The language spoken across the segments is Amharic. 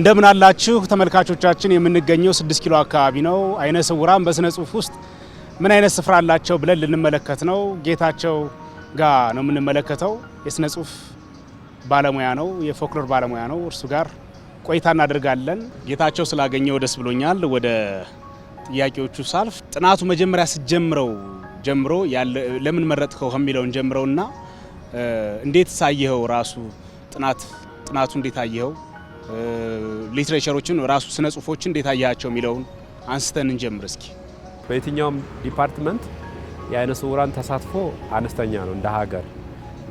እንደምን አላችሁ ተመልካቾቻችን። የምንገኘው ስድስት ኪሎ አካባቢ ነው። አይነ ስውራን በስነ ጽሁፍ ውስጥ ምን አይነት ስፍራ አላቸው ብለን ልንመለከት ነው። ጌታቸው ጋ ነው የምንመለከተው። የስነ ጽሁፍ ባለሙያ ነው፣ የፎክሎር ባለሙያ ነው። እርሱ ጋር ቆይታ እናደርጋለን። ጌታቸው ስላገኘው ደስ ብሎኛል። ወደ ጥያቄዎቹ ሳልፍ ጥናቱ መጀመሪያ ስትጀምረው ጀምሮ ለምን መረጥከው ከሚለውን ጀምረውና እንዴት ሳየኸው ራሱ ጥናት ጥናቱ እንዴት አየኸው? ሊትሬቸሮችን ራሱ ስነ ጽሁፎችን እንዴት አያቸው የሚለውን አንስተን እንጀምር እስኪ። በየትኛውም ዲፓርትመንት የአይነ ስውራን ተሳትፎ አነስተኛ ነው እንደ ሀገር።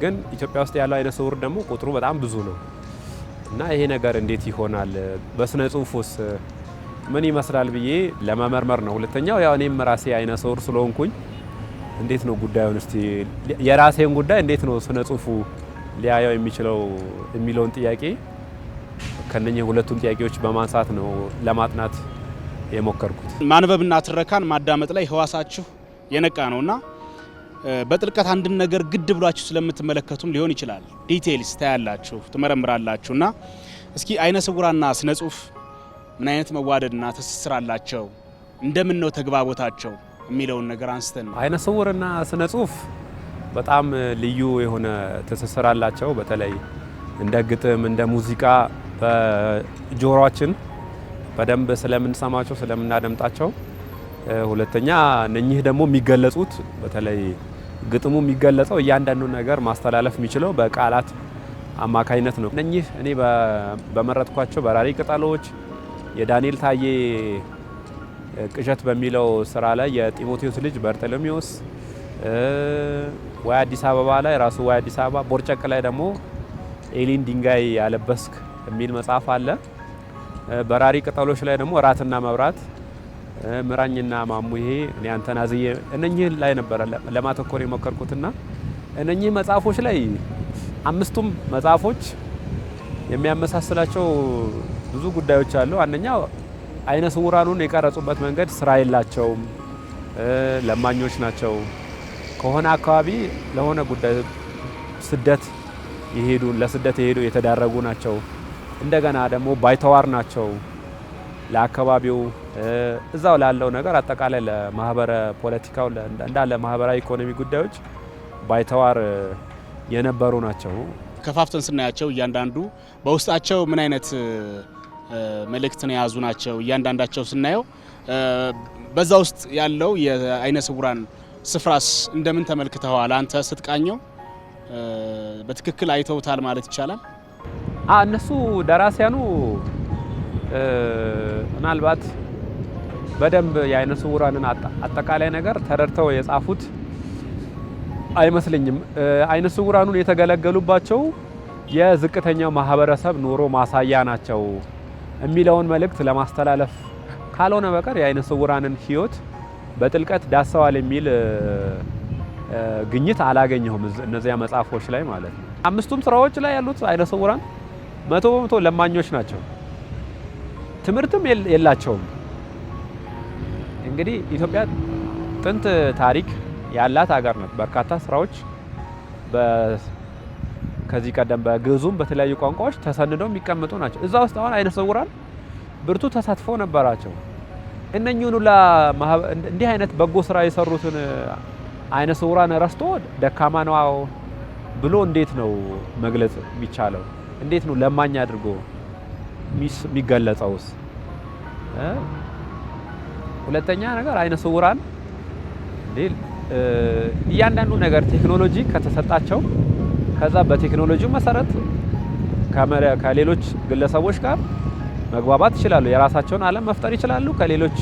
ግን ኢትዮጵያ ውስጥ ያለው አይነ ስውር ደግሞ ቁጥሩ በጣም ብዙ ነው እና ይሄ ነገር እንዴት ይሆናል በስነ ጽሁፉስ ምን ይመስላል ብዬ ለመመርመር ነው። ሁለተኛው ያው እኔም ራሴ አይነ ስውር ስለሆንኩኝ እንዴት ነው ጉዳዩን እስቲ የራሴን ጉዳይ እንዴት ነው ስነ ጽሁፉ ሊያየው የሚችለው የሚለውን ጥያቄ ከነኚህ ሁለቱን ጥያቄዎች በማንሳት ነው ለማጥናት የሞከርኩት። ማንበብና ትረካን ማዳመጥ ላይ ህዋሳችሁ የነቃ ነውና በጥልቀት አንድን ነገር ግድ ብሏችሁ ስለምትመለከቱም ሊሆን ይችላል። ዲቴይልስ ታያላችሁ፣ ትመረምራላችሁ። እና እስኪ አይነ ስውራና ስነ ጽሁፍ ምን አይነት መዋደድና ትስስር አላቸው፣ እንደምን ነው ተግባቦታቸው የሚለውን ነገር አንስተን ነው። አይነ ስውርና ስነ ጽሁፍ በጣም ልዩ የሆነ ትስስር አላቸው። በተለይ እንደ ግጥም እንደ ሙዚቃ በጆሮአችን በደንብ ስለምንሰማቸው ስለምናደምጣቸው፣ ሁለተኛ እነኚህ ደግሞ የሚገለጹት በተለይ ግጥሙ የሚገለጸው እያንዳንዱ ነገር ማስተላለፍ የሚችለው በቃላት አማካኝነት ነው። እነኚህ እኔ በመረጥኳቸው በራሪ ቅጠሎች፣ የዳንኤል ታዬ ቅዠት በሚለው ስራ ላይ የጢሞቴዎስ ልጅ በርጠሎሜዎስ ወይ አዲስ አበባ ላይ ራሱ ወይ አዲስ አበባ ቦርጨቅ ላይ ደግሞ ኤሊን ድንጋይ ያለበስክ የሚል መጽሐፍ አለ። በራሪ ቅጠሎች ላይ ደግሞ እራትና መብራት፣ ምራኝና ማሙ፣ ይሄ እኔ አንተን አዝዬ እነኚህ ላይ ነበረ ለማተኮር የሞከርኩትና እነኚህ መጽሐፎች ላይ አምስቱም መጽሐፎች የሚያመሳስላቸው ብዙ ጉዳዮች አሉ። አንደኛው አይነ ስውራኑን የቀረጹበት መንገድ ስራ የላቸውም፣ ለማኞች ናቸው። ከሆነ አካባቢ ለሆነ ጉዳይ ስደት የሄዱ ለስደት የሄዱ የተዳረጉ ናቸው። እንደገና ደግሞ ባይተዋር ናቸው። ለአካባቢው እዛው ላለው ነገር አጠቃላይ ለማህበረ ፖለቲካው እንዳለ ማህበራዊ ኢኮኖሚ ጉዳዮች ባይተዋር የነበሩ ናቸው። ከፋፍተን ስናያቸው እያንዳንዱ በውስጣቸው ምን አይነት መልእክትን የያዙ ናቸው። እያንዳንዳቸው ስናየው በዛ ውስጥ ያለው የአይነ ስውራን ስፍራስ እንደምን ተመልክተዋል? አንተ ስትቃኘው በትክክል አይተውታል ማለት ይቻላል? እነሱ ደራሲያኑ ምናልባት በደንብ የአይነ ስውራንን አጠቃላይ ነገር ተረድተው የጻፉት አይመስለኝም። አይነ ስውራኑን የተገለገሉባቸው የዝቅተኛው ማህበረሰብ ኑሮ ማሳያ ናቸው የሚለውን መልእክት ለማስተላለፍ ካልሆነ በቀር የአይነ ስውራንን ህይወት በጥልቀት ዳሰዋል የሚል ግኝት አላገኘሁም እነዚያ መጽሐፎች ላይ ማለት ነው። አምስቱም ስራዎች ላይ ያሉት አይነ ስውራን መቶ በመቶ ለማኞች ናቸው። ትምህርትም የላቸውም። እንግዲህ ኢትዮጵያ ጥንት ታሪክ ያላት ሀገር ናት። በርካታ ስራዎች ከዚህ ቀደም በግዕዙም በተለያዩ ቋንቋዎች ተሰንደው የሚቀመጡ ናቸው። እዛ ውስጥ አሁን አይነ ስውራን ብርቱ ተሳትፎ ነበራቸው። እነኚህን ሁላ እንዲህ አይነት በጎ ስራ የሰሩትን አይነ ስውራን ረስቶ ደካማ ነው ብሎ እንዴት ነው መግለጽ የሚቻለው? እንዴት ነው ለማኝ አድርጎ የሚገለጸውስ? ሁለተኛ ነገር አይነ ስውራን እያንዳንዱ ነገር ቴክኖሎጂ ከተሰጣቸው ከዛ በቴክኖሎጂ መሰረት ከሌሎች ግለሰቦች ጋር መግባባት ይችላሉ። የራሳቸውን ዓለም መፍጠር ይችላሉ። ከሌሎች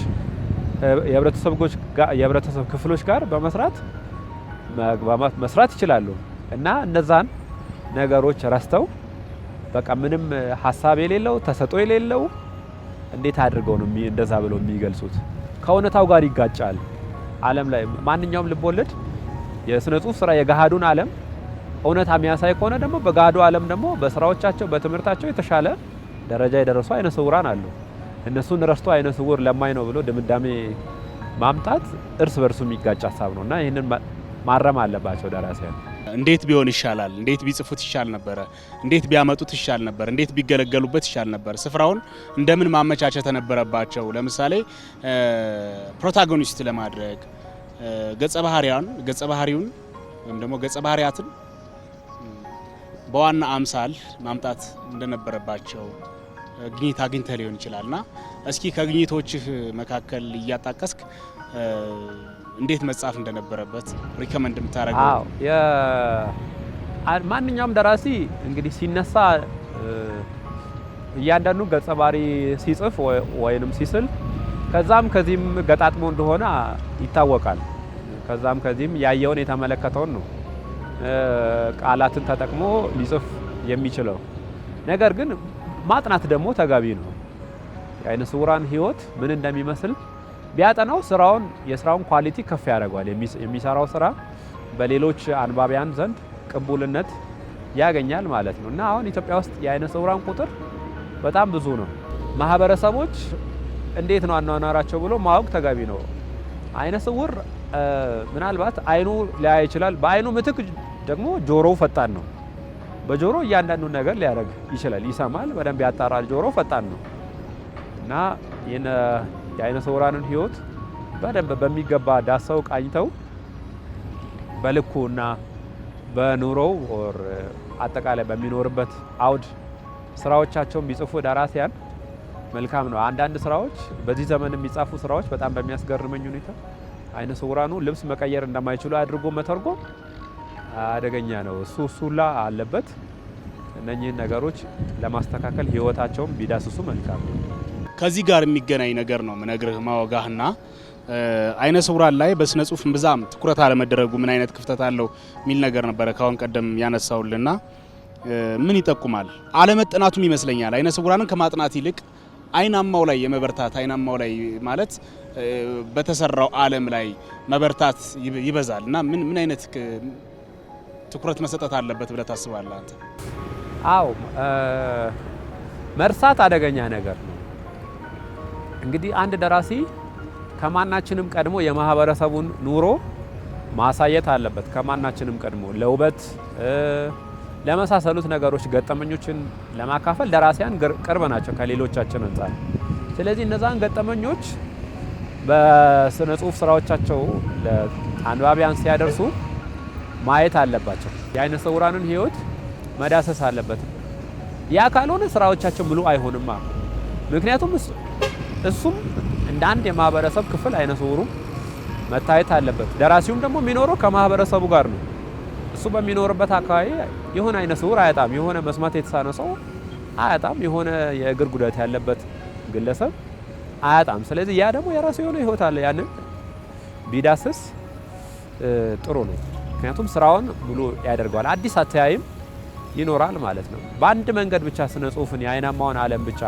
የህብረተሰብ ክፍሎች ጋር በመስራት መግባባት መስራት ይችላሉ እና እነዛን ነገሮች ረስተው በቃ ምንም ሀሳብ የሌለው ተሰጦ የሌለው እንዴት አድርገው ነው እንደዛ ብለው የሚገልጹት? ከእውነታው ጋር ይጋጫል። ዓለም ላይ ማንኛውም ልቦለድ የስነ ጽሁፍ ስራ የገሃዱን ዓለም እውነታ የሚያሳይ ከሆነ ደግሞ በገሃዱ ዓለም ደግሞ በስራዎቻቸው በትምህርታቸው የተሻለ ደረጃ የደረሱ አይነ ስውራን አሉ። እነሱን ረስቶ አይነ ስውር ለማይ ነው ብሎ ድምዳሜ ማምጣት እርስ በርሱ የሚጋጭ ሀሳብ ነው እና ይህንን ማረም አለባቸው ደራሲያን። እንዴት ቢሆን ይሻላል፣ እንዴት ቢጽፉት ይሻል ነበረ፣ እንዴት ቢያመጡት ይሻል ነበር፣ እንዴት ቢገለገሉበት ይሻል ነበር፣ ስፍራውን እንደምን ማመቻቸት ነበረባቸው። ለምሳሌ ፕሮታጎኒስት ለማድረግ ገጸ ባህሪያን ገጸ ባህሪውን ወይም ደግሞ ገጸ ባህሪያትን በዋና አምሳል ማምጣት እንደነበረባቸው ግኝት አግኝተ ሊሆን ይችላልና እስኪ ከግኝቶችህ መካከል እያጣቀስክ እንዴት መጻፍ እንደነበረበት ሪከመንድ የምታደርገው? አዎ ማንኛውም ደራሲ እንግዲህ ሲነሳ እያንዳንዱ ገጸ ባህሪ ሲጽፍ ወይንም ሲስል ከዛም ከዚህም ገጣጥሞ እንደሆነ ይታወቃል። ከዛም ከዚህም ያየውን የተመለከተውን ነው ቃላትን ተጠቅሞ ሊጽፍ የሚችለው። ነገር ግን ማጥናት ደግሞ ተገቢ ነው። የአይነ ስውራን ምን እንደሚመስል ቢያጠናው ስራውን የስራውን ኳሊቲ ከፍ ያደርገዋል። የሚሰራው ስራ በሌሎች አንባቢያን ዘንድ ቅቡልነት ያገኛል ማለት ነው እና አሁን ኢትዮጵያ ውስጥ የአይነ ስውራን ቁጥር በጣም ብዙ ነው። ማህበረሰቦች እንዴት ነው አኗኗራቸው ብሎ ማወቅ ተገቢ ነው። አይነ ስውር ምናልባት አይኑ ሊያይ ይችላል። በአይኑ ምትክ ደግሞ ጆሮው ፈጣን ነው። በጆሮ እያንዳንዱን ነገር ሊያደርግ ይችላል። ይሰማል፣ በደንብ ያጣራል። ጆሮ ፈጣን ነው እና የአይነ ስውራንን ህይወት በደንብ በሚገባ ዳሰው ቃኝተው በልኩና በኑሮው ወር አጠቃላይ በሚኖርበት አውድ ስራዎቻቸውን ቢጽፉ ደራሲያን መልካም ነው። አንዳንድ ስራዎች በዚህ ዘመን የሚጻፉ ስራዎች በጣም በሚያስገርመኝ ሁኔታ አይነ ስውራኑ ልብስ መቀየር እንደማይችሉ አድርጎ መተርጎም አደገኛ ነው። እሱ እሱላ አለበት። እነኚህን ነገሮች ለማስተካከል ህይወታቸውን ቢዳስሱ መልካም ነው። ከዚህ ጋር የሚገናኝ ነገር ነው ምነግርህ ማወጋህና አይነ ስውራን ላይ በስነ ጽሁፍ ብዛም ትኩረት አለመደረጉ ምን አይነት ክፍተት አለው የሚል ነገር ነበረ ካሁን ቀደም ያነሳውልና ምን ይጠቁማል አለመጠናቱም ይመስለኛል። አይነ ስውራንን ከማጥናት ይልቅ አይናማው ላይ የመበርታት አይናማው ላይ ማለት በተሰራው አለም ላይ መበርታት ይበዛል እና ምን ምን አይነት ትኩረት መሰጠት አለበት ብለህ ታስባለህ አንተ? አዎ መርሳት አደገኛ ነገር ነው። እንግዲህ አንድ ደራሲ ከማናችንም ቀድሞ የማህበረሰቡን ኑሮ ማሳየት አለበት። ከማናችንም ቀድሞ ለውበት ለመሳሰሉት ነገሮች ገጠመኞችን ለማካፈል ደራሲያን ቅርብ ናቸው ከሌሎቻችን አንጻር። ስለዚህ እነዛን ገጠመኞች በስነ ጽሁፍ ስራዎቻቸው ለአንባቢያን ሲያደርሱ ማየት አለባቸው። የአይነ ስውራንን ህይወት መዳሰስ አለበት። ያ ካልሆነ ስራዎቻቸው ምሉ አይሆንማ። ምክንያቱም እሱም እንደ አንድ የማህበረሰብ ክፍል አይነ ስውሩም መታየት አለበት። ደራሲውም ደግሞ የሚኖረው ከማህበረሰቡ ጋር ነው። እሱ በሚኖርበት አካባቢ የሆነ አይነ ስውር አያጣም፣ የሆነ መስማት የተሳነ ሰው አያጣም፣ የሆነ የእግር ጉዳት ያለበት ግለሰብ አያጣም። ስለዚህ ያ ደግሞ የራሱ የሆነ ህይወት አለ። ያንን ቢዳስስ ጥሩ ነው። ምክንያቱም ስራውን ብሎ ያደርገዋል። አዲስ አተያይም ይኖራል ማለት ነው። በአንድ መንገድ ብቻ ስነ ጽሁፍን የአይናማውን ዓለም ብቻ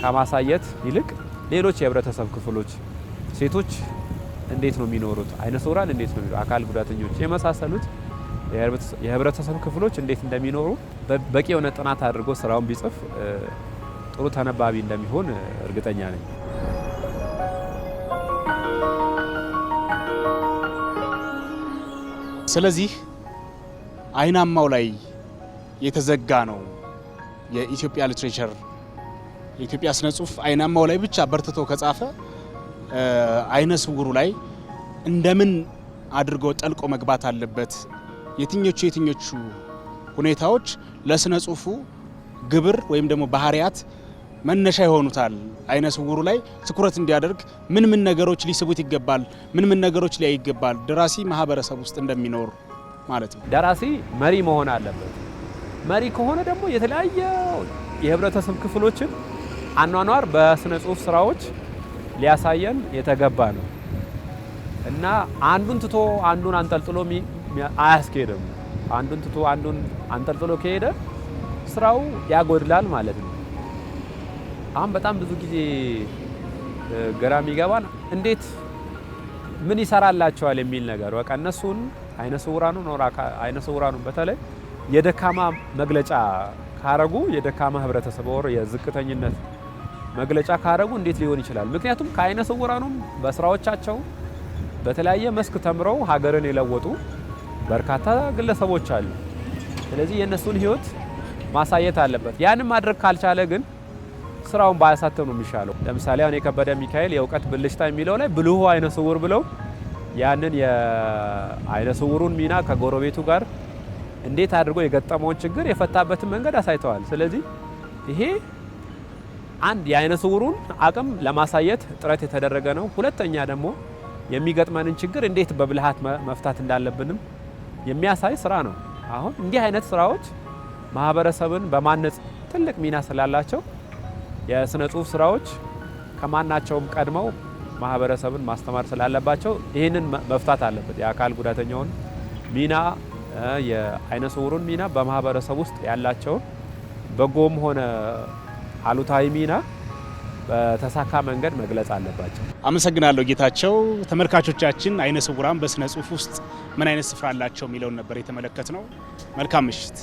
ከማሳየት ይልቅ ሌሎች የህብረተሰብ ክፍሎች ሴቶች እንዴት ነው የሚኖሩት፣ አይነ ስውራን እንዴት ነው የሚኖሩት፣ አካል ጉዳተኞች የመሳሰሉት የህብረተሰብ ክፍሎች እንዴት እንደሚኖሩ በቂ የሆነ ጥናት አድርጎ ስራውን ቢጽፍ ጥሩ ተነባቢ እንደሚሆን እርግጠኛ ነኝ። ስለዚህ አይናማው ላይ የተዘጋ ነው የኢትዮጵያ ሊትሬቸር የኢትዮጵያ ስነ ጽሁፍ አይናማው ላይ ብቻ በርትቶ ከጻፈ አይነ ስውሩ ላይ እንደምን አድርገው ጠልቆ መግባት አለበት? የትኞቹ የትኞቹ ሁኔታዎች ለስነ ጽሁፉ ግብር ወይም ደግሞ ባህሪያት መነሻ ይሆኑታል? አይነ ስውሩ ላይ ትኩረት እንዲያደርግ ምን ምን ነገሮች ሊስቡት ይገባል? ምን ምን ነገሮች ሊያይ ይገባል? ደራሲ ማህበረሰብ ውስጥ እንደሚኖር ማለት ነው። ደራሲ መሪ መሆን አለበት። መሪ ከሆነ ደግሞ የተለያየ የህብረተሰብ ክፍሎችን አኗኗር በስነ ጽሁፍ ስራዎች ሊያሳየን የተገባ ነው እና አንዱን ትቶ አንዱን አንጠልጥሎ አያስኬድም። አንዱን ትቶ አንዱን አንጠልጥሎ ከሄደ ስራው ያጎድላል ማለት ነው። አሁን በጣም ብዙ ጊዜ ግራ የሚገባን እንዴት ምን ይሰራላቸዋል የሚል ነገር በቃ እነሱን አይነ ስውራኑ ኖር አይነ ስውራኑ በተለይ የደካማ መግለጫ ካረጉ የደካማ ህብረተሰብ ወር የዝቅተኝነት መግለጫ ካደረጉ እንዴት ሊሆን ይችላል? ምክንያቱም ከአይነ ስውራኑም በስራዎቻቸው በተለያየ መስክ ተምረው ሀገርን የለወጡ በርካታ ግለሰቦች አሉ። ስለዚህ የእነሱን ህይወት ማሳየት አለበት። ያንም ማድረግ ካልቻለ ግን ስራውን ባያሳተም ነው የሚሻለው። ለምሳሌ አሁን የከበደ ሚካኤል የእውቀት ብልሽታ የሚለው ላይ ብልሁ አይነ ስውር ብለው ያንን የአይነ ስውሩን ሚና ከጎረቤቱ ጋር እንዴት አድርጎ የገጠመውን ችግር የፈታበትን መንገድ አሳይተዋል። ስለዚህ ይሄ አንድ የአይነ ስውሩን አቅም ለማሳየት ጥረት የተደረገ ነው። ሁለተኛ ደግሞ የሚገጥመንን ችግር እንዴት በብልሃት መፍታት እንዳለብንም የሚያሳይ ስራ ነው። አሁን እንዲህ አይነት ስራዎች ማህበረሰብን በማነጽ ትልቅ ሚና ስላላቸው የስነ ጽሁፍ ስራዎች ከማናቸውም ቀድመው ማህበረሰብን ማስተማር ስላለባቸው ይህንን መፍታት አለበት። የአካል ጉዳተኛውን ሚና፣ የአይነ ስውሩን ሚና በማህበረሰብ ውስጥ ያላቸውን በጎም ሆነ አሉታዊ ሚና በተሳካ መንገድ መግለጽ አለባቸው። አመሰግናለሁ ጌታቸው። ተመልካቾቻችን አይነ ስውራን በስነ ጽሁፍ ውስጥ ምን አይነት ስፍራ አላቸው የሚለውን ነበር የተመለከት ነው። መልካም ምሽት።